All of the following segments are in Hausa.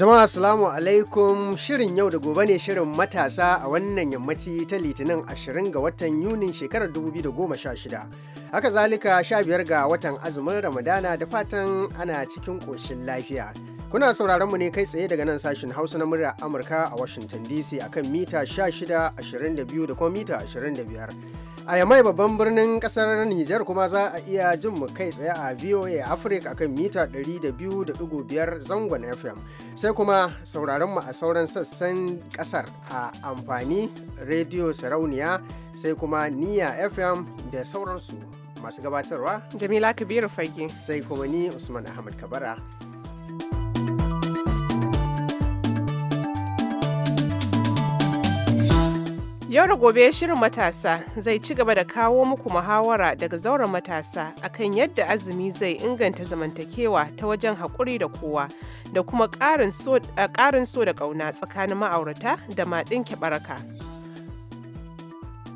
Jama'a Assalamu alaikum shirin yau da gobe ne shirin matasa a wannan yammaci ta litinin 20 ga watan Yunin shekarar 2016. Haka zalika 15 ga watan azumin Ramadana da fatan ana cikin koshin lafiya. Kuna sauraron mu ne kai tsaye daga nan sashin Hausa na murya Amurka a Washington DC akan mita 16, 22 da kuma mita 25. A yamai babban birnin kasar Nijar kuma za a iya jin mu kai tsaye a VOA Africa akan mita 200.5 zangon FM. Sai kuma sauraron mu a sauran sassan kasar a amfani Radio Sarauniya sai kuma Niya FM da sauransu. Masu gabatarwa Jamila Kabiru Fage. Sai kuma ni Usman Ahmad Kabara. Yau da gobe shirin matasa zai ci gaba da kawo muku muhawara daga zauren matasa akan yadda azumi zai inganta zamantakewa ta wajen haƙuri da kowa da kuma ƙarin so da ƙauna tsakanin ma'aurata da maɗin baraka.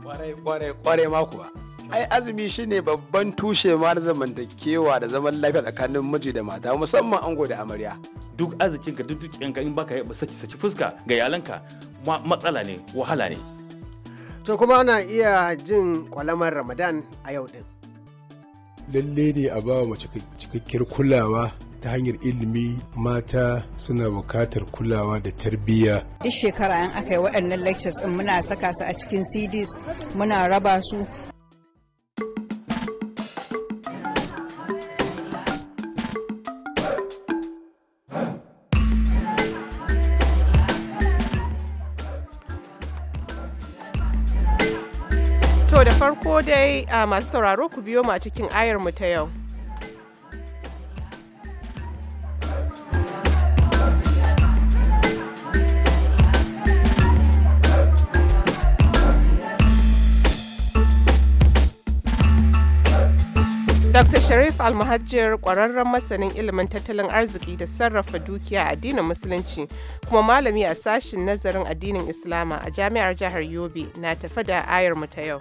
kware ma kuwa. Ai azumi shine babban tushe ma na zamantakewa da zaman lafiya tsakanin miji da mata musamman ango da amarya. Duk arzikinka duk dukiyanka in baka saki saki fuska ga yalanka matsala ne wahala ne. To kuma ana iya jin kwalamar Ramadan a yau din. Lalle ne a ba mace cikakkiyar kulawa ta hanyar ilimi mata suna bukatar kulawa da tarbiyya. Duk shekara an aka yi waɗannan lectures ɗin muna saka su a cikin CDs muna raba su dai ah, masu sauraro ku biyo mu a cikin ayarmu ta yau. Dr. Sharif Almahajjar ƙwararren masanin ilimin tattalin arziki da sarrafa dukiya a addinin Musulunci kuma malami a sashin nazarin addinin Islama a Jami'ar Jihar Yobe na tafi da ayar ta yau.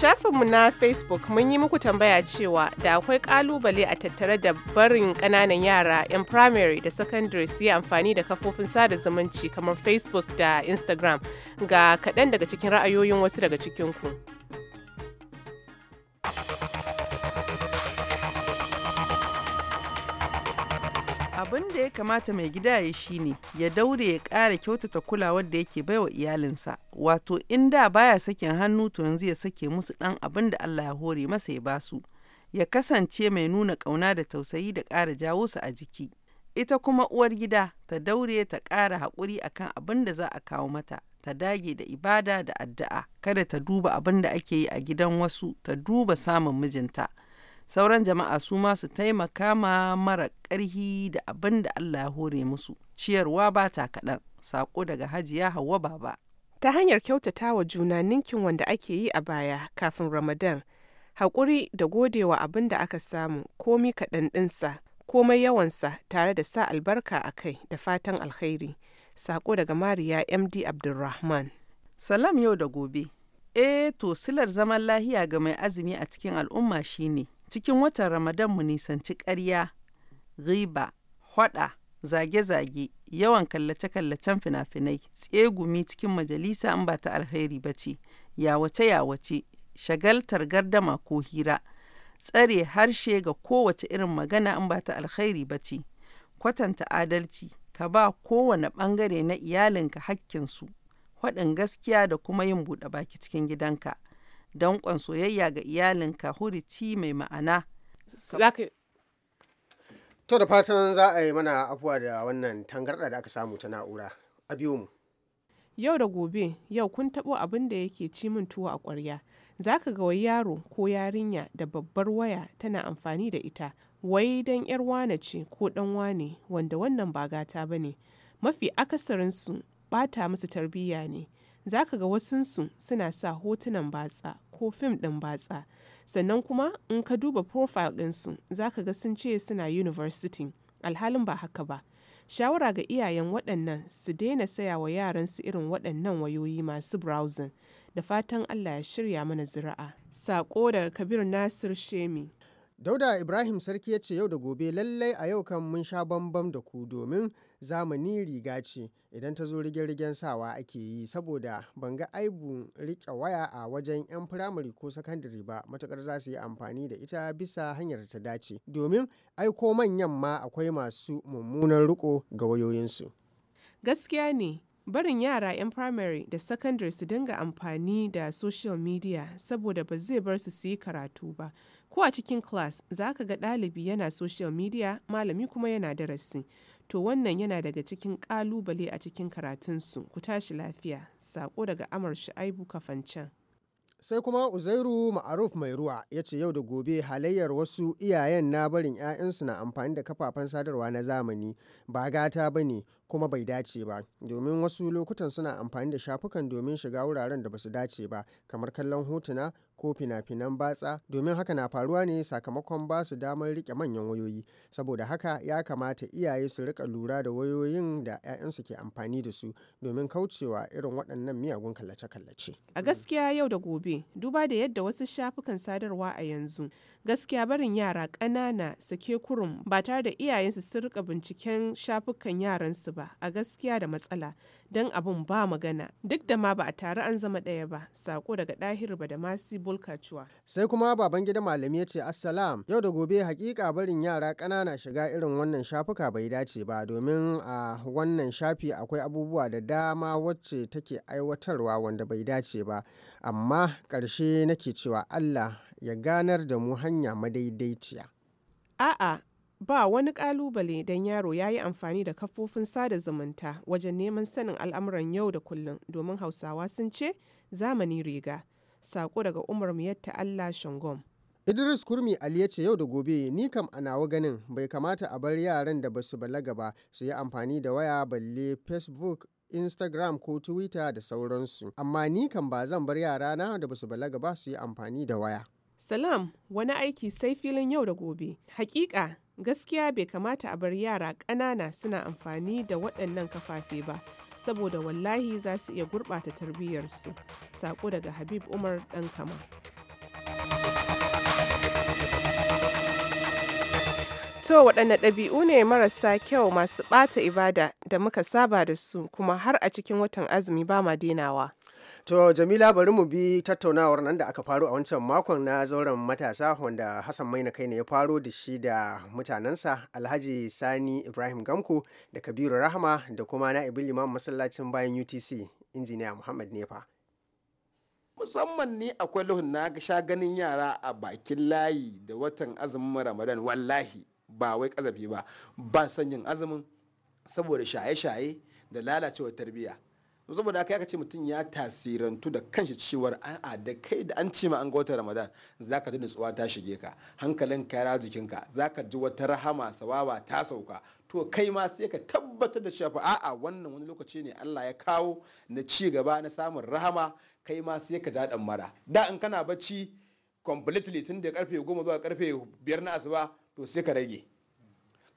shafinmu na Facebook mun yi muku tambaya cewa da akwai kalubale a tattare da barin ƙananan yara 'yan primary da secondary su yi amfani da kafofin sada zumunci kamar Facebook da Instagram ga kaɗan daga cikin ra'ayoyin wasu daga cikinku. abin da ya kamata mai gida ya shine ya daure ya kara kyautata kulawar da yake baiwa iyalinsa wato in da baya sakin hannu to yanzu ya sake musu dan abin da Allah ya hore masa ya basu ya kasance mai nuna kauna da tausayi da ƙara jawo su a jiki ita kuma uwar gida ta daure ta kara haƙuri akan abin da za a kawo mata ta dage da ibada da addu'a kada ta duba abin da ake yi a gidan wasu ta duba samun mijinta. sauran jama'a su ma su taimaka ma mara ƙarhi da abin da Allah ya hore musu ciyarwa ba ta kaɗan sako daga hajiya hawa baba ta hanyar kyautata wa juna ninkin wanda ake yi a baya kafin ramadan haƙuri da godewa abin da aka samu komi kaɗan ɗinsa komai yawansa tare da sa albarka a kai da fatan alkhairi sako daga mariya md abdulrahman salam yau da gobe eh to silar zaman lahiya ga mai azumi a cikin al'umma shine Cikin watan Ramadan mu nisanci ƙarya, riba hwada zage-zage, yawan kallace-kallacen fina-finai, tsegumi cikin majalisa in ba ta alheri ba ce, yawace-yawace, shagaltar gardama ko hira, tsare harshe ga kowace irin magana in ba ta alheri ba ce, kwatanta adalci, ka ba kowane bangare na iyalinka hakkinsu, haɗin gaskiya da kuma yin buɗe baki cikin gidanka. danƙon soyayya ga iyalinka hurici mai ma'ana. To da fatan za a yi mana afuwa da wannan tangarɗa da aka samu ta na'ura. A biyu mu. Yau da gobe, yau kun taɓo abin da yake ci min tuwo a ƙwarya. Za ka ga wai yaro ko yarinya da babbar waya tana amfani da ita, wai dan 'yar wane ce ko ɗan wane wanda wannan ba gata ba ne. Mafi akasarinsu ɓata musu tarbiyya ne. Za ka ga wasunsu suna sa hotunan batsa ko fim ɗin batsa sannan kuma in ka duba profile ɗinsu za ka ga sun ce suna university alhalin ba haka ba shawara ga iyayen waɗannan su daina saya wa yaransu irin waɗannan wayoyi masu browsing da fatan allah ya shirya mana zira'a saƙo daga kabir nasir shemi Dauda Ibrahim Sarki ya ce yau da gobe lallai a yau kan mun sha bambam da ku domin zamani riga ce idan ta zo rigen-rigen sawa ake yi saboda ban ga aibun riƙe waya a wajen 'yan firamare ko sakandare ba matukar za su yi amfani da ita bisa hanyar ta dace domin aiko manyan ma akwai masu mummunan riko ga wayoyinsu. Gaskiya ne barin yara 'yan firamare da sakandare su dinga amfani da social media saboda ba zai bar su su yi karatu ba ko a cikin class za ka ga ɗalibi yana social media malami kuma yana darasi to wannan yana daga cikin ƙalubale a cikin karatunsu ku tashi lafiya saƙo daga amar sha'aibu kafancan sai kuma uzairu ma'aruf mai ruwa ya ce yau da gobe halayyar wasu iyayen na barin 'ya'yansu na amfani da kafafen sadarwa na zamani ba gata ba ne kuma bai dace ba domin wasu lokutan suna amfani da shafukan domin shiga wuraren da basu dace ba kamar kallon hotuna ko fina-finan batsa domin haka na faruwa ne sakamakon ba su damar rike manyan wayoyi saboda haka ya kamata iyaye su rika lura da wayoyin da 'ya'yansu ke amfani da su domin kaucewa irin waɗannan miyagun kallace-kallace a gaskiya yau da gobe duba da yadda wasu shafukan sadarwa a yanzu gaskiya barin yara ƙanana sake kurum ba tare da iyayensu su rika binciken shafukan yaransu ba a gaskiya da matsala don abin ba magana duk da ma ba a tare an zama ɗaya ba sako daga ɗahir ba da masi bulkacuwa. sai kuma baban gida malami ya ce assalam yau da gobe hakika barin yara ƙanana shiga irin wannan shafuka bai dace ba domin a wannan shafi akwai abubuwa da dama wacce take aiwatarwa wanda bai dace ba amma ƙarshe nake cewa allah ya ganar da mu hanya madaidaiciya. A'a, ba wani ƙalubale don yaro ya yi amfani da kafofin sada zumunta wajen neman sanin al'amuran yau da kullum domin hausawa sun ce zamani riga sako daga umar miyatta allah shangom Idris Kurmi Ali ya ce yau da gobe ni kam a nawa ganin bai kamata a bar yaran da basu balaga ba su yi amfani da waya balle Facebook Instagram ko Twitter da sauransu amma ni kam ba zan bar yara na da basu balaga ba su yi amfani da waya. Salam wani aiki sai filin yau da gobe. Hakika gaskiya bai kamata a bar yara ƙanana suna amfani da waɗannan kafafe ba saboda wallahi za su iya gurɓata tarbiyyarsu saƙo daga habib umar ɗan kama to waɗanne ɗabi'u ne marasa kyau masu ɓata ibada da muka saba da su kuma har a cikin watan azumi ba ma denawa To Jamila bari mu bi tattaunawar nan da aka faru a wancan makon na zauren matasa wanda Hassan Maina kai ne ya faro da shi da mutanensa Alhaji Sani Ibrahim Gamko da Kabiru rahma da kuma Na'ibu Liman masallacin bayan UTC injiniya Muhammad Nefa. Musamman ni akwai luhun na sha ganin yara a bakin layi da watan azumin Ramadan wallahi ba wai kazafi ba ba son yin azumin saboda shaye-shaye da lalacewar tarbiyya. saboda haka ya ce mutum ya tasirantu da kanshi cewar a'a da kai da an ce ma an ga wata ramadan za ka ji nutsuwa ta shige ka hankalin kara jikinka ka ji wata rahama sawaba ta sauka to kai ma sai ka tabbatar da cewa a'a wannan wani lokaci ne Allah ya kawo na ci gaba na samun rahama kai ma sai ka ja dan mara da in kana bacci completely tun da karfe goma zuwa karfe biyar na asuba to sai ka rage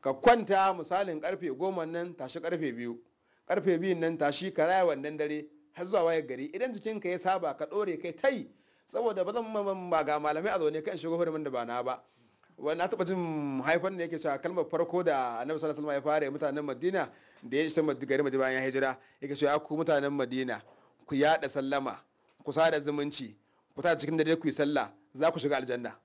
ka kwanta misalin karfe goma nan tashi karfe biyu karfe biyun nan tashi ka raya wannan dare har zuwa waya gari idan ka ya saba ka dore kai tai saboda ba zan ba ga malamai a zaune kan shigo hurumin da ba na ba wannan taɓa jin haifan da yake cewa kalmar farko da annabi sallallahu alaihi ya fara mutanen madina da ya isa gari madina bayan ya hijira yake cewa ku mutanen madina ku yaɗa sallama ku sada zumunci ku ta cikin dare ku yi sallah za ku shiga aljanna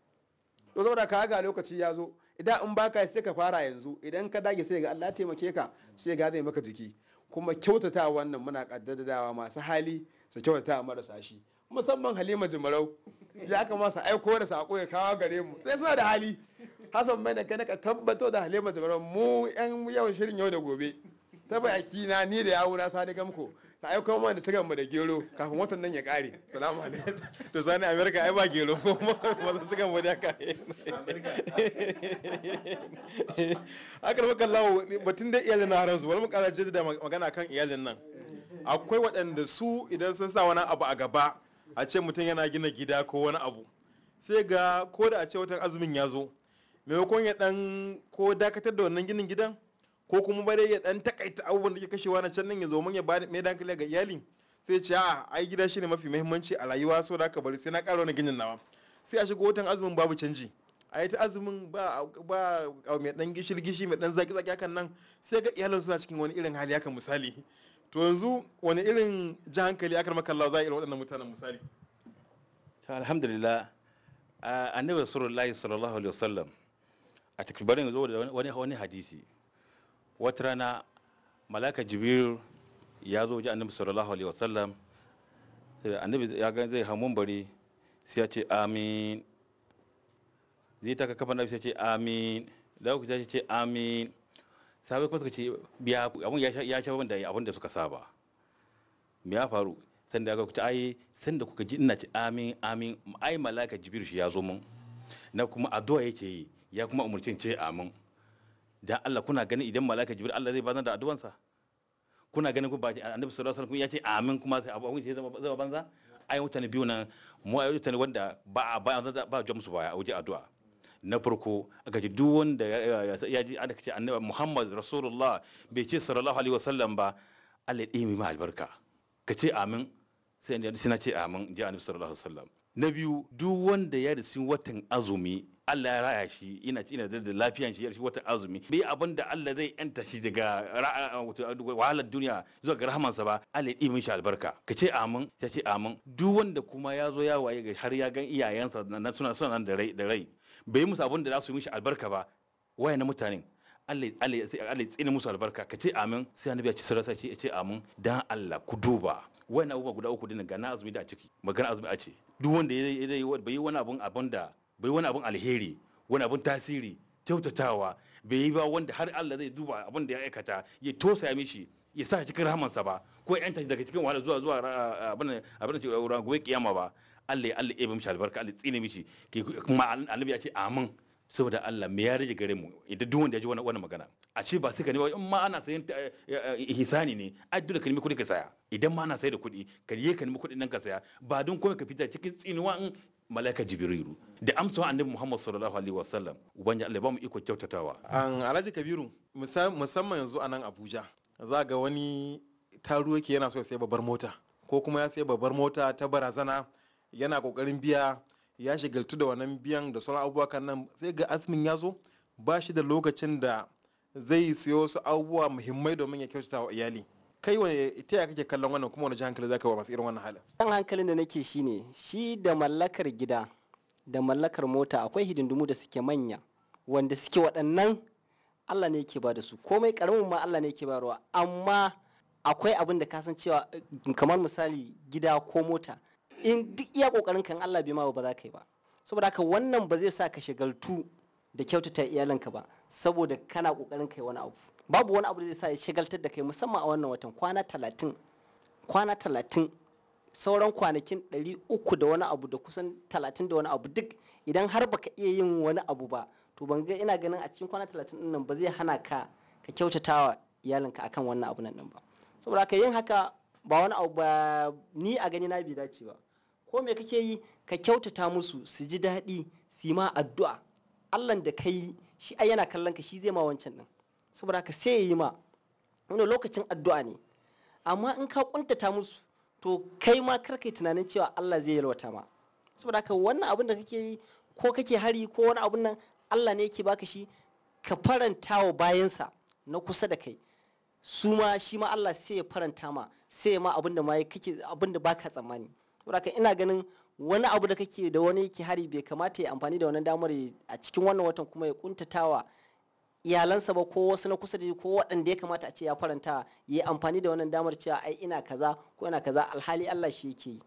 to saboda ka ga lokaci ya zo idan in baka sai ka fara yanzu idan ka dage sai ga Allah taimake ka sai ga zai maka jiki kuma kyautata wannan muna kaddadawa masu hali su kyautata marasa shi musamman halima jimarau ya kamata aiko da sako ya kawo gare mu sai suna da hali hasan mai da kai ka tabbato da halima jimarau mu yan yau shirin yau da gobe ta bai na ni da yawo sadi gamko ka aiko kuma da tiran mu da gero kafin watan nan ya kare salamu alaikum to sani america ai ba gero ko su suka mu da kare haka da muka lawo batun da iyalin na haransu wani muka da magana kan iyalin nan akwai waɗanda su idan sun sa wani abu a gaba a ce mutum yana gina gida ko wani abu sai ga ko da a ce watan azumin ya zo maimakon ya dan ko dakatar da wannan ginin gidan ko kuma ba dai ya dan takaita abubuwan da ke kashewa na can nan ya zo mun ya mai dankali ga iyali sai ce a ah, ai gida shine mafi muhimmanci a rayuwa so da ka bari sai na ƙara wani ginin nawa sai a shiga watan azumin babu canji a yi ta azumin ba ba mai dan gishir gishi mai dan zaki zaki hakan nan sai ga iyalan suna cikin wani irin hali haka misali to yanzu wani irin ji hankali akar maka Allah za a irin waɗannan mutanen misali alhamdulillah annabi sallallahu alaihi wasallam a takbirin zo da wani hadisi wata rana malaka Jibiru ya zo ji annabi sallallahu alaihi wasallam sai annabi ya ga zai hamun bari sai ya ce amin zai taka kafa annabi sai ya ce amin da ku ce amin sabai kuma suka ce biya abun ya sha da abun da suka saba me ya faru sanda da ga kuta ai sanda kuka ji ina ce amin amin ai malaka Jibiru shi ya zo mun na kuma addu'a yake yi ya kuma umurcin ce amin da Allah kuna gani idan mala'ika jibril Allah zai bazan da addu'ansa kuna ganin ku ba annabi sallallahu alaihi wasallam ya ce amin kuma sai abu zai zama banza ai mutane biyu nan mu ai mutane wanda ba ba ba jom su baya a waje addu'a na farko aka ji duk wanda ya ji aka ce annabi Muhammad rasulullah bai ce sallallahu alaihi wasallam ba Allah ya dimi ma albarka ka ce amin sai na ce amin ji annabi sallallahu alaihi wasallam na biyu duk wanda ya rasu watan azumi Allah ya raya shi ina ina da lafiyan shi shi wata azumi bai abin da Allah zai yanta shi daga wahalar duniya zuwa ga rahamansa ba Allah ya ɗimin shi albarka ka ce amin ya ce amin duk wanda kuma ya zo ya waye har ya gan iyayensa na suna suna nan da rai da rai bai musu abin da za su yi mishi albarka ba waye na mutanen Allah ya tsine musu albarka ka ce amin sai annabi ya ci ce ya ce amin dan Allah ku duba na abubuwa guda uku dinnan ga na azumi da a ciki magana azumi a ce duk wanda ya yi bai yi wani abun abun da bai wani abin alheri wani abin tasiri kyautatawa bai yi ba wanda har Allah zai duba abin da ya aikata ya tosa mishi ya sa cikin rahamansa ba ko ya yanta daga cikin wahala zuwa zuwa abin da da ran gobe kiyama ba Allah ya Allah ibn shi albarka Allah tsine mishi kuma annabi ya ce amin saboda Allah me ya rage gare mu idan duk wanda ya ji wannan magana a ce ba suka ne ba in ma ana sayan hisani eh, eh, ne a dole ka nemi kuɗi ka saya idan ma ana sayar da kuɗi ka je ka nemi kuɗin nan ka saya ba don komai ka fita cikin tsinuwa in malaika jibrilu da amsa annabi muhammad sallallahu alaihi wasallam ubangi allah ba mu iko kyautatawa an alhaji kabiru musamman yanzu anan abuja za ga wani taru yake yana so ya sai babbar mota ko kuma ya sai babbar mota ta barazana yana kokarin biya ya shigaltu da wannan biyan da sauran abubuwa kan nan sai ga asmin ya zo ba shi da lokacin da zai siyo su abubuwa muhimmai domin ya kyautata wa iyali kai wani ita ya kake kallon wannan kuma wani hankali zaka wa masu irin wannan halin kan hankalin da nake shine shi da mallakar gida da mallakar mota akwai hidindimu da suke manya wanda suke waɗannan Allah ne yake ba da su komai karamin ma Allah ne yake bayarwa amma akwai abin da ka san cewa kamar misali gida ko mota in duk iya kokarin kan Allah bai ma ba za ka yi ba saboda haka wannan ba zai sa ka shagaltu da kyautata iyalanka ba saboda kana kokarin kai wani abu babu wani abu da zai sa ya shagaltar da kai musamman a wannan watan kwana talatin kwana talatin sauran kwanakin ɗari uku da wani abu da kusan talatin da wani abu duk idan har baka iya yin wani abu ba to ban ga ina ganin a cikin kwana talatin nan ba zai hana ka ka kyautatawa iyalinka akan wannan abu nan ba saboda haka yin haka ba wani abu ba ni a gani na bai dace ba ko me kake yi ka kyautata musu su ji daɗi su yi ma addu'a allan da kai shi ai yana kallon ka shi zai ma wancan din saboda ka sai ya yi ma wani lokacin addu'a ne amma in ka kuntata musu to kai ma kar tunanin cewa Allah zai yalwata ma saboda ka wannan abin da kake yi ko kake hari ko wani abun nan Allah ne yake baka shi ka faranta wa bayansa na kusa da kai su ma shi ma Allah sai ya faranta ma sai ya ma abin da ma kake abin da baka tsammani saboda ina ganin wani abu da kake da wani yake hari bai kamata ya amfani da wannan damar a cikin wannan watan kuma ya kuntatawa iyalansa ba ko wasu na kusa da ko waɗanda ya kamata a ce ya faranta ya amfani da wannan damar cewa ai ina kaza ko ina kaza alhali Allah shi yake yi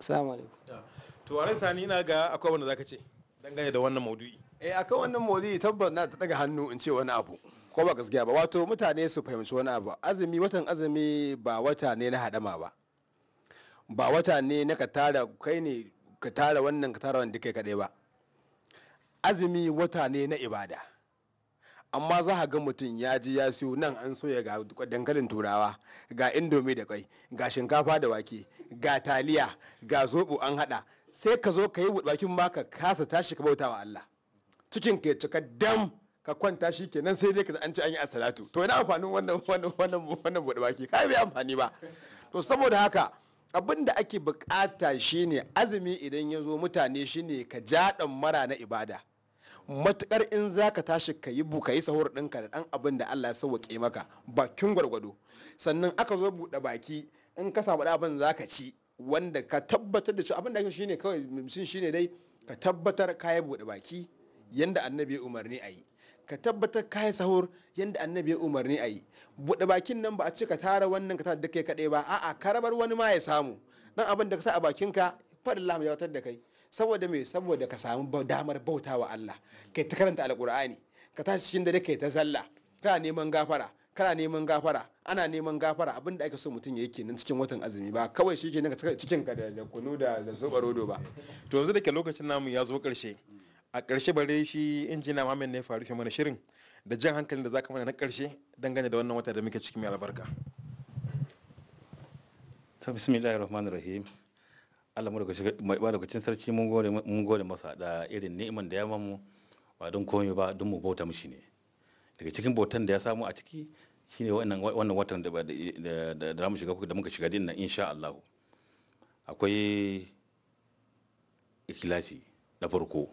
assalamu alaikum to a sani ina ga akwai wanda zaka ce dangane da wannan maudu'i eh akwai wannan maudu'i tabbas na ta daga hannu in ce wani abu ko ba gaskiya ba wato mutane su fahimci wani abu azumi watan azumi ba wata ne na hadama ba ba wata ne na ka tara kai ne ka tara wannan ka tara wanda kai kadai ba azumi wata ne na ibada amma za a ga mutum ya ji ya siyo nan an soya ga dankalin turawa ga indomi da kwai ga shinkafa da wake ga taliya ga zobo an hada sai ka zo ka yi bakin baka kasa tashi ka bauta wa Allah cikin ka cika dam ka kwanta shi kenan sai dai ka an ci an yi asalatu to ina amfanin wannan wannan wannan wannan bude baki kai bai amfani ba to saboda haka abin da ake bukata shine azumi idan ya zo mutane shine ka jaɗan mara na ibada matukar in zaka tashi ka yi buka ka yi sahur ɗinka da dan abin da Allah ya sauwaƙe maka bakin gwargwado sannan aka zo buɗe baki in ka samu abin za ka ci wanda ka tabbatar da cewa abin da ake shine kawai shi shine dai ka tabbatar ka yi buɗe baki yanda annabi ya umarni a ka tabbatar ka yi sahur yanda annabi ya umarni ayi buɗe bakin nan ba a ce ka tara wannan ka tara da kai kaɗai ba a'a karabar wani ma ya samu dan abin da ka sa a bakinka fadin lam ya watar da kai saboda me saboda ka samu damar bauta wa Allah kai ta karanta alkur'ani ka tashi cikin dare kai ta zalla kana neman gafara kana neman gafara ana neman gafara abin da ake so mutum ya yi kenan cikin watan azumi ba kawai shi ke cikin ka da kunu da da rodo ba to yanzu da ke lokacin namu ya zo karshe a karshe bare shi injina mamin ne faru mana shirin da jan hankalin da zaka mana na karshe dangane da wannan wata da muke cikin mai albarka bismillahir rahim Allah lokacin sarki mun gode masa da irin ni'iman da ya mamu ba don komai ba don mu bauta mishi ne daga cikin bautan da ya samu a ciki shine wannan watan da za mu shiga da muka shiga din nan insha Allah akwai ikilasi na farko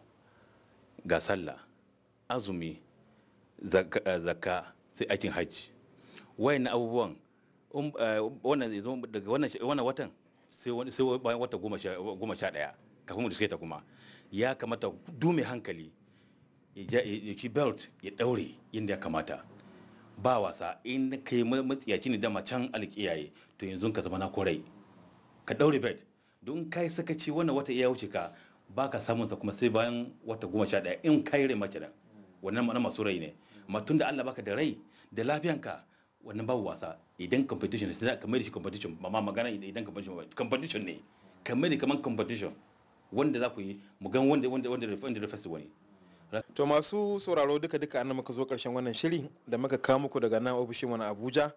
ga sallah azumi zakka eh, sai aikin hajji wayannan abubuwan um, eh, wannan watan sai wani sai bayan wata goma sha ɗaya kafin mu diske ta kuma ya kamata du mai hankali ya ki belt ya daure inda ya kamata ba wasa in kai matsiyaci ne dama can alƙiyaye to yanzu ka zama na korai ka daure belt don kai sakaci wannan wata iya wuce ka ba ka samun sa kuma sai bayan wata goma sha ɗaya in kai rai mace wannan masu rai ne matun da Allah baka da rai da lafiyanka wannan babu wasa idan competition sai ka mai da shi competition ba ma magana idan competition ba competition ne ka mai da kaman competition wanda za ku yi mu gan wanda wanda wanda wanda da festival ne to masu sauraro duka duka an muka zo karshen wannan shiri da muka kawo muku daga nan ofishin wani Abuja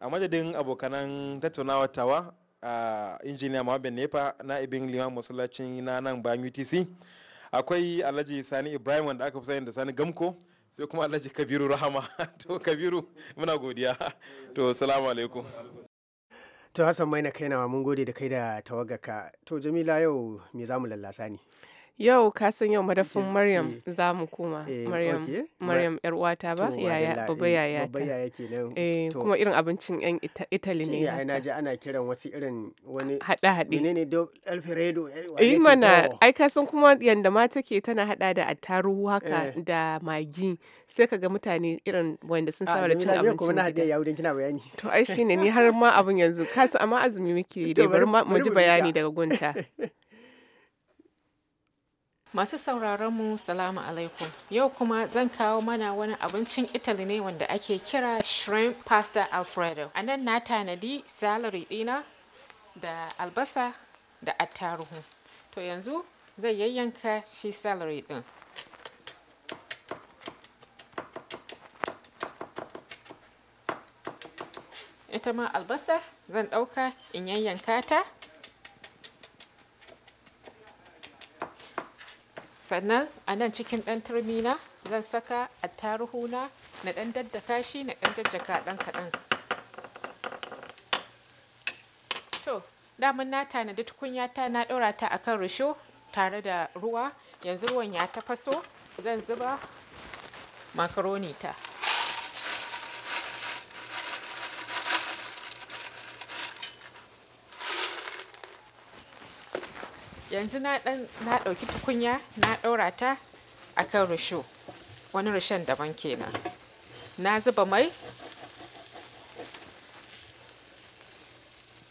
a madadin abokanan tattaunawa tawa a injiniya Muhammad Nefa na ibin liman Musallacin na nan bayan UTC akwai Alhaji Sani Ibrahim wanda aka fi sani da Sani Gamko sai kuma Allah ji kabiru rahama to kabiru muna godiya to salamu alaikum to hassan maina na mun gode da kai da tawagarka to jamila yau me zamu lallasa ne Yau ka san yau madafin Maryam eh. za mu koma eh, Maryam Maryam yar uwata ba yaya baba yaya babba yaya kenan eh kuma irin abincin yan Italy ne ai naji ana kiran wasu irin wani hada hade menene do alfredo eh, eh mana ai ka san kuma yanda ma take tana hada da attaruhu haka da magi sai kaga mutane irin wanda sun saba da cin abincin kuma na hadiya yawudin kina bayani to ai shine ni har ma abun yanzu kasu amma azumi muke da bari mu ji bayani daga gunta Masu sauraron mu salamu alaikum. Yau kuma zan kawo mana wani abincin Italy ne wanda ake kira shrimp pasta alfredo. A nan na tanadi salary ɗina da albasa da attaruhu. To yanzu zai yayyanka shi salary din. Ita ma albasar zan ɗauka in yayyanka ta. sannan a nan cikin ɗan turmi na zan saka attaruhu na na ɗan daddaka shi na ɗan jajjaka ɗan kaɗan to nata na tanadi tukunya ta na ɗora ta akan risho tare da ruwa yanzu ruwan ya tafaso zan zuba makaroni ta yanzu na dan na ɗauki tukunya na ɗaurata ta akan kan risho wani rishon daban kenan na zuba mai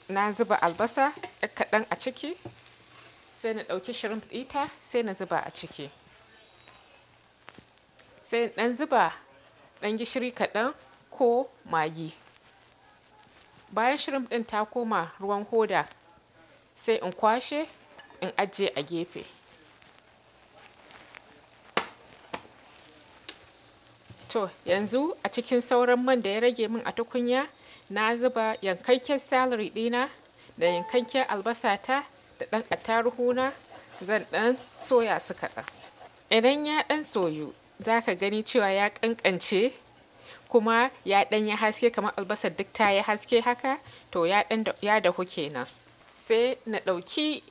na zuba albasa kaɗan a ciki sai na ɗauki shrimp ɗita sai na zuba a ciki sai ɗan zuba ɗan gishiri kaɗan ko magi bayan shrimp ɗin ta koma ruwan hoda sai in kwashe in ajiye a gefe to yanzu a cikin sauran man da ya rage min a tukunya na zuba yankakken salary dina da yankakken albasata da ɗan attaruhuna zan ɗan soya su kaɗan idan ya ɗan soyu za ka gani cewa ya kankance kuma ya ɗan ya haske kamar albasar duk ta ya haske haka to ya dahu kenan sai na ɗauki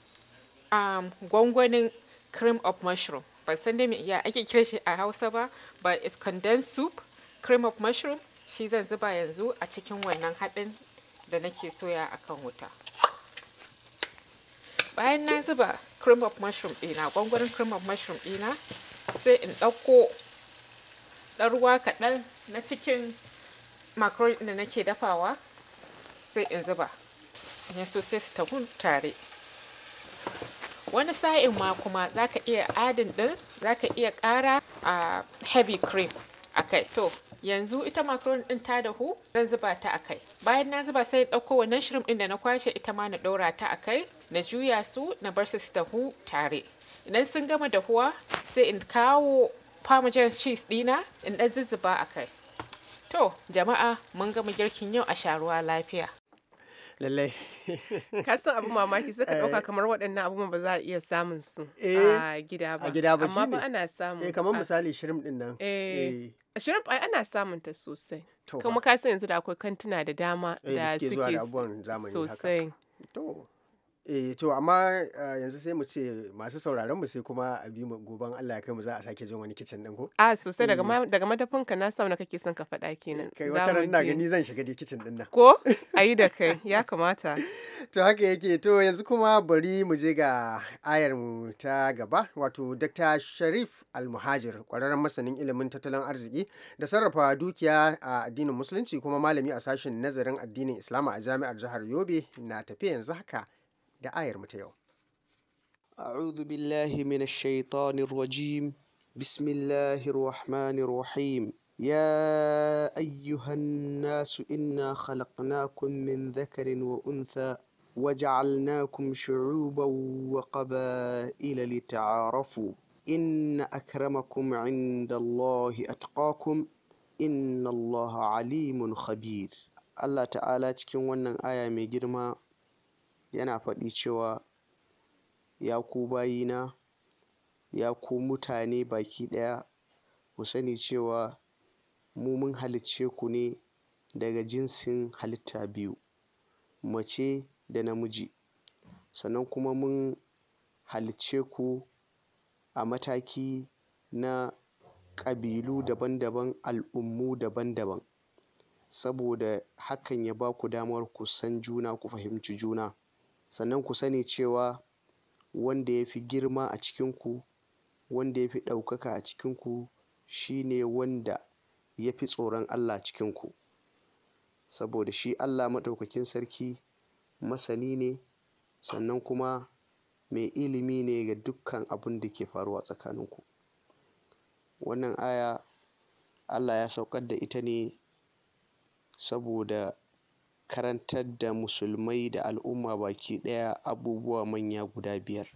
um, gwangwanin cream of mushroom ban san dai ya ake kira shi a hausa ba ba it's condensed soup cream of mushroom shi zan zuba yanzu a cikin wannan haɗin da nake soya a kan wuta bayan na zuba cream of mushroom ɗina gwangwanin cream of mushroom ɗina sai in ɗauko ɗan ruwa kaɗan na cikin macaroni da nake dafawa sai in zuba ya so sai su tagun tare wani sa'in ma kuma za iya adin ɗin zaka iya kara a heavy cream a kai to yanzu ita macaroni ɗin ta dahu zan zuba ta a kai bayan na zuba sai ɗauko wannan shrimp ɗin da na kwashe ita ma na ɗora ta a kai na juya su na bar su su dahu tare idan sun gama dahuwa sai in kawo parmesan cheese ɗina in ɗan zuzzuba a kai to jama'a mun gama girkin yau a sharuwa lafiya lallai ka san abu mamaki suka ka dauka eh. kamar waɗannan abubuwan ba za a iya samun su eh, a gida ba a gida ba amma ba ana samun eh kamar misali shrimp din nan eh, eh shrimp ai ana samun ta sosai kuma ka san yanzu da akwai kantuna da dama da suke zuwa da abubuwan zamani haka sosai to eh to amma eh, yanzu sai mu ce masu sauraron mu sai kuma a bi mu goban Allah ya kai mu za a sake jin wani kitchen din ko a sosai daga eh. daga madafin ka na sauna kake son ka faɗa kenan eh, kai wata ran na gani zan shiga dai kitchen din nan ko ayi da kai ya kamata to haka yake to yanzu kuma bari mu je ga ayar mu ta gaba wato Dr. Sharif Al-Muhajir kwararren masanin ilimin tattalin arziki da sarrafa dukiya a addinin musulunci kuma malami a sashen nazarin addinin Islam a jami'ar jihar Yobe na tafiya yanzu haka da ayarmu ta yau. A'udhu billahi minash shaitanir rajim. Bismillahir rahmanir rahim. Ya ayyuhan nasu inna khalaqnakum min dhakarin wa untha wa ja'alnakum shu'uban wa qaba'ila lita'arafu. Inna akramakum 'indallahi atqakum. Inna Allaha 'alimun khabir. Allah ta'ala cikin wannan aya mai girma yana faɗi cewa ya ku bayina ya ku mutane baki ɗaya ku sani cewa mu mun halicce ku ne daga jinsin halitta biyu mace da namiji sannan kuma mun halicce ku a mataki na ƙabilu daban-daban al'ummu daban-daban saboda hakan ya ba ku damar ku san juna ku fahimci juna sannan ku sani cewa wanda ya fi girma a cikinku wanda ya fi ɗaukaka a cikinku shi ne wanda ya fi tsoron Allah cikinku saboda shi Allah maɗaukakin sarki masani ne sannan kuma mai ilimi ne ga dukkan abin da ke faruwa tsakaninku wannan aya Allah ya saukar da ita ne saboda karantar da musulmai da al'umma baki ɗaya abubuwa manya guda biyar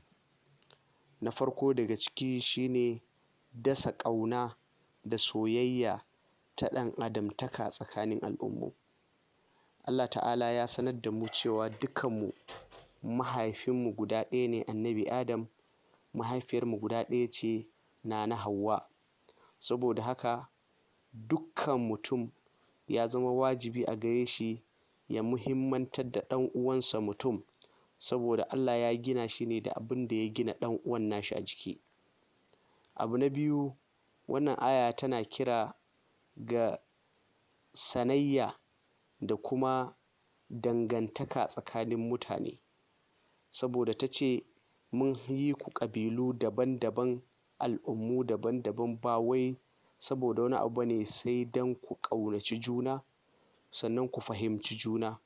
na farko daga ciki shine dasa ƙauna da soyayya ta ɗan adamtaka tsakanin al'ummu Allah ta'ala ya sanar da mu cewa dukanmu mahaifinmu guda ɗaya ne annabi adam mahaifiyarmu guda ɗaya ce na na hawa saboda haka dukkan mutum ya zama wajibi a gare shi ya muhimmantar da ɗan uwansa mutum saboda Allah ya gina shi ne da abin da ya gina ɗan uwan nashi a jiki abu na biyu wannan aya tana kira ga sanayya da kuma dangantaka tsakanin mutane saboda ta ce mun yi ku kabilu daban-daban al'ummu daban-daban ba wai saboda wani abu ne sai don ku ƙaunaci juna sannan ku fahimci juna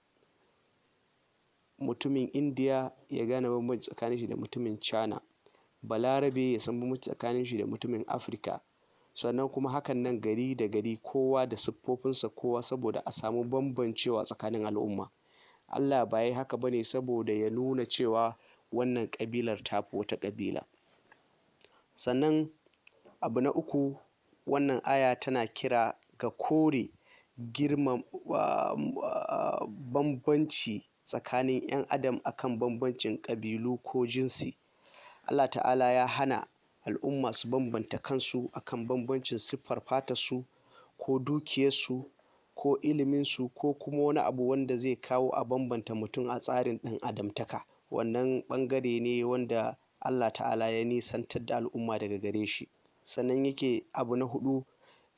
mutumin indiya ya gane bambanci tsakanin shi da mutumin china balarabe ya san bambanci tsakanin shi da mutumin afirka sannan kuma hakan nan gari da gari kowa da siffofinsa kowa saboda a samu bambancewa tsakanin al'umma allah ba ya haka bane saboda ya nuna cewa wannan kabilar tafi wata kabila sannan abu na uku wannan aya tana kira ga kore girmama ah, bambanci tsakanin 'yan adam akan bambancin ƙabilu ko jinsi Allah ta'ala ya hana al'umma su bambanta kansu akan bambancin siffar fatarsu ko dukiyarsu ko iliminsu ko kuma wani abu wanda zai kawo a bambanta mutum a tsarin ɗan adamtaka wannan ɓangare ne wanda Allah ta'ala ya nisantar da al'umma daga gare shi sannan yake abu na hudu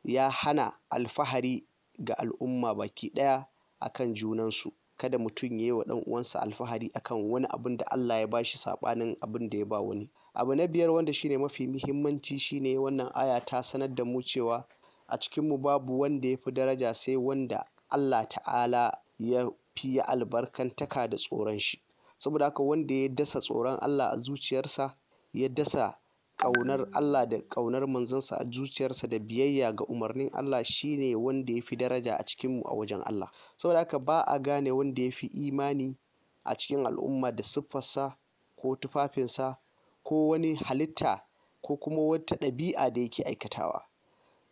ya hana alfahari ga al'umma baki ɗaya akan junansu kada mutum ya yi wa ɗan uwansa alfahari akan wani abin da Allah ya bashi saɓanin abin da ya ba wani abu na biyar wanda shine mafi muhimmanci shine wannan aya ta sanar da mu cewa a cikin mu babu wanda ya fi daraja sai wanda Allah ta'ala ya fi ya albarkantaka da tsoron shi saboda haka wanda ya dasa tsoron Allah a zuciyarsa ya dasa ƙaunar Allah da ƙaunar manzansa a zuciyarsa da biyayya ga umarnin Allah shine wanda ya fi daraja a cikinmu a wajen Allah saboda haka ba a gane wanda ya fi imani a cikin al'umma da siffarsa ko tufafinsa ko wani halitta ko kuma wata ɗabi'a da yake aikatawa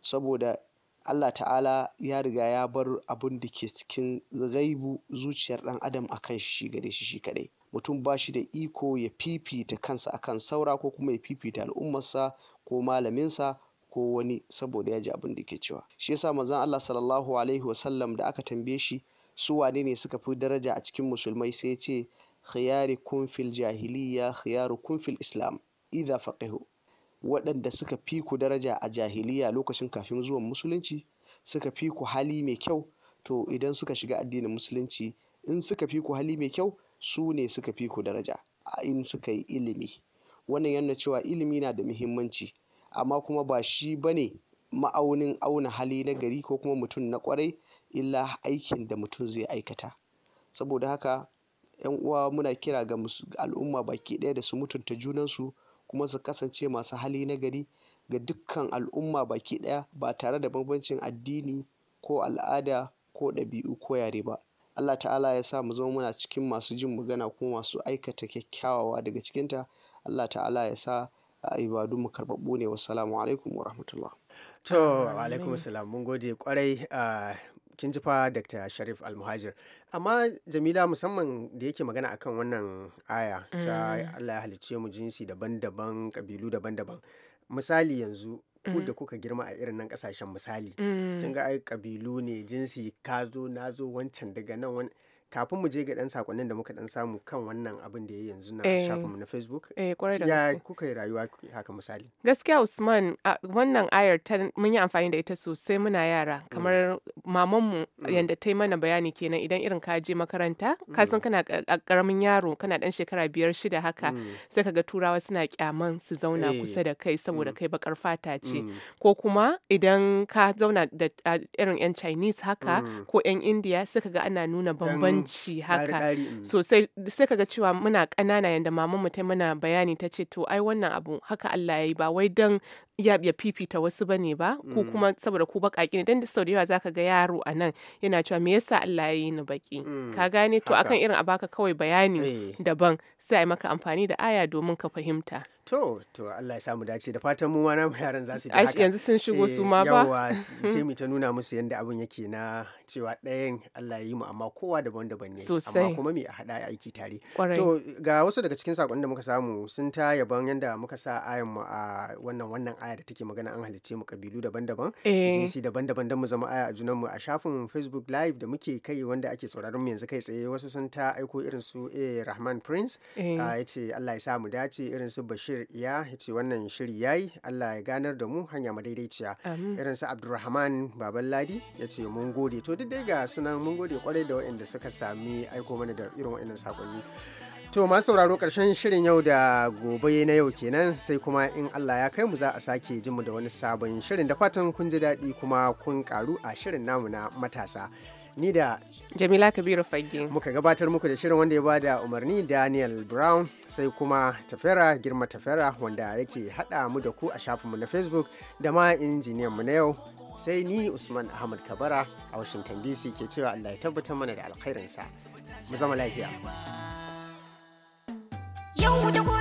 saboda Allah ta'ala ya riga ya bar abin da ke cikin gaibu zuciyar ɗan adam a kan shi gare shi kaɗai mutum ba shi da iko ya fifita kansa akan saura ko kuma ya fifita al'ummarsa ko malaminsa ko wani saboda ya ji abin da ke cewa shi yasa manzon Allah sallallahu alaihi wasallam da aka tambaye shi su wane ne suka fi daraja a cikin musulmai sai ce khiyarukum fil jahiliya khiyarukum fil islam idza faqihu waɗanda suka fi ku daraja a jahiliya lokacin kafin zuwan musulunci suka fi ku hali mai kyau to idan suka shiga addinin musulunci in suka fi ku hali mai kyau su ne suka fi ku daraja a in suka yi ilimi wannan yana cewa ilimi na da muhimmanci amma kuma ba shi ba ne ma'aunin auna hali na gari ko kuma mutum na kwarai illa aikin da mutum zai aikata saboda haka yan uwa muna kira ga al'umma baki ɗaya da su mutunta junansu kuma su kasance masu hali na gari ga dukkan al'umma baki ɗaya ba tare da bambancin addini ko al'ada ko ɗabi'u ko yare ba Allah ta'ala ya sa mu zama muna cikin masu jin magana kuma masu aikata kyakkyawawa daga cikinta Allah ta'ala ya sa ibadu mu karɓaɓɓu ne wassalamu alaikum wa rahmatullah to alaikum salam mun gode kwarai kin ji fa Dr. Sharif Almuhajir amma Jamila musamman da yake magana akan wannan aya ta mm. Allah ya halicce mu jinsi daban-daban kabilu daban-daban misali yanzu ku mm. da kuka girma a irin nan kasashen misali mm. kin ga ai kabilu ne jinsi ka zo na zo wancan daga nan wani kafin mu je ga dan sakonnin da muka dan samu kan wannan abin da ya yanzu na eh. shafinmu na facebook eh, ya kuka yi rayuwa haka misali gaskiya usman wannan ayar ta mun yi amfani da ita sosai muna yara mm. kamar mamanmu mm. yadda ta yi mana bayani kenan idan irin ka je makaranta ka mm. san kana karamin yaro kana dan shekara biyar shida haka sai ga turawa suna kyaman su zauna eh. kusa da kai saboda kai bakar fata ce ko kuma idan ka zauna da irin yan chinese haka ko yan india sai ga ana nuna bambanci inci haka mm. sosai sai kaga cewa muna ƙanana yadda maman mu ta muna bayani ta ce to ai wannan abu haka Allah ya yi ba wai dan ya ya fifita wasu bane ba ko mm. kuma saboda ku baƙaƙi ne dan da sau da yawa zaka ga yaro a nan yana cewa me yasa Allah ya yi ni baki mm. ka gane to akan irin abaka kawai bayani eh. daban sai a yi maka amfani da aya domin ka fahimta To, to Allah ya samu dace da fatan mu ma yaran za su bi haka. yanzu sun shigo su ma ba. Yawwa sai mu ta nuna musu yadda abin yake na cewa ɗayan Allah ya yi mu amma kowa daban-daban ne. Sosai. Amma kuma me a haɗa aiki tare. Kwarai. To ga wasu daga cikin saƙon da muka samu sun ta yaban yadda muka sa ayan mu a wannan wannan aya da take magana an halicce mu kabilu daban-daban. Eh. Jinsi daban-daban don mu zama aya a junan mu a shafin Facebook Live da muke kai wanda ake sauraron mu yanzu kai tsaye wasu sun ta aiko irin su eh, Rahman Prince. Eh. Ah, ya ce Allah ya samu dace irin su Bashir kabir iya ya ce wannan shiri ya yi allah ya ganar da mu hanya madaidaiciya irin su abdulrahman baban ladi ya ce mun gode to duk dai ga sunan mun gode kwarai da waɗanda suka sami aiko mana da irin waɗannan sakonni To masu sauraro ƙarshen shirin yau da gobe na yau kenan sai kuma in Allah ya kai mu za a sake jin mu da wani sabon shirin da fatan kun ji daɗi kuma kun karu a shirin namu na matasa. ni da jamila kabiru fage muka gabatar muku da shirin wanda ya bada umarni daniel brown sai kuma tafera girma tafera wanda yake hada mu da ku a shafinmu na facebook da ma injiniyan mu na yau sai ni usman ahmad kabara a washington dc ke cewa allah ya tabbatar mana da alkhairinsa mu zama lafiya yau da